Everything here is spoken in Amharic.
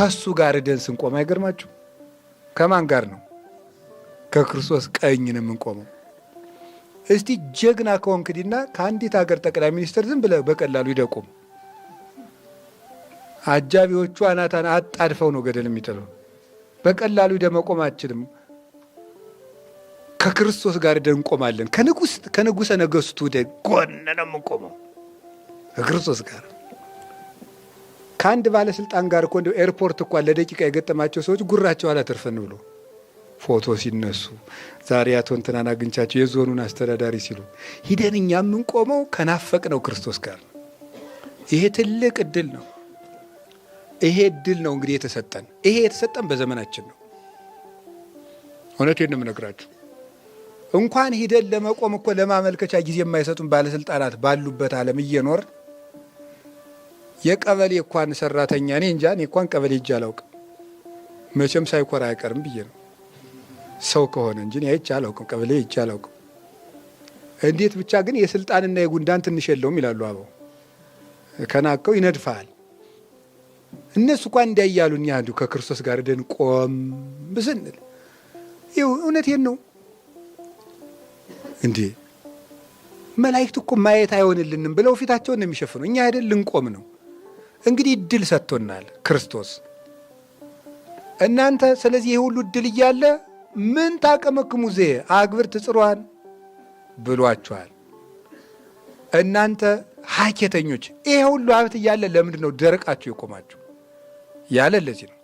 ከሱ ጋር ደን ስንቆም አይገርማችሁ? ከማን ጋር ነው? ከክርስቶስ ቀኝ ነው የምንቆመው። እስቲ ጀግና ከወንክዲና ከአንዲት ሀገር ጠቅላይ ሚኒስትር ዝም ብለህ በቀላሉ ይደቁም። አጃቢዎቹ አናታን አጣድፈው ነው ገደል የሚጥለው። በቀላሉ ደመቆም አችልም። ከክርስቶስ ጋር ከንጉሰ ነገስቱ ደ ጎን ነው የምንቆመው ከክርስቶስ ጋር ከአንድ ባለስልጣን ጋር እኮ እንደው ኤርፖርት እኳ ለደቂቃ የገጠማቸው ሰዎች ጉራቸው አላተርፈን ብሎ ፎቶ ሲነሱ ዛሬ አቶ እንትናን አግኝቻቸው የዞኑን አስተዳዳሪ ሲሉ ሂደን እኛ የምንቆመው ከናፈቅ ነው ክርስቶስ ጋር ይሄ ትልቅ እድል ነው። ይሄ እድል ነው እንግዲህ የተሰጠን ይሄ የተሰጠን በዘመናችን ነው። እውነቴን ነው የምነግራችሁ። እንኳን ሂደን ለመቆም እኮ ለማመልከቻ ጊዜ የማይሰጡን ባለስልጣናት ባሉበት ዓለም እየኖር የቀበሌ እኳን ሰራተኛ እኔ እንጃ እኔ እንኳን ቀበሌ እጅ አላውቅም። መቼም ሳይኮራ አይቀርም ብዬ ነው ሰው ከሆነ እንጂ አይቼ አላውቅም፣ ቀበሌ እጅ አላውቅም። እንዴት ብቻ ግን የስልጣንና የጉንዳን ትንሽ የለውም ይላሉ አበው። ከናቀው ይነድፋል። እነሱ እንኳን እንዳያሉ እኛ አንዱ ከክርስቶስ ጋር ደን ቆም ብስንል ይው እውነቴን ነው እንዴ መላእክት እኮ ማየት አይሆንልንም ብለው ፊታቸውን ነው የሚሸፍነው። እኛ አይደል ልንቆም ነው። እንግዲህ እድል ሰጥቶናል ክርስቶስ እናንተ ስለዚህ ይህ ሁሉ እድል እያለ ምን ታቀመክሙ ዜ አግብር ትጽሯን ብሏችኋል። እናንተ ሀኬተኞች ይሄ ሁሉ ሀብት እያለ ለምንድን ነው ደረቃችሁ የቆማችሁ? ያለ ለዚህ ነው።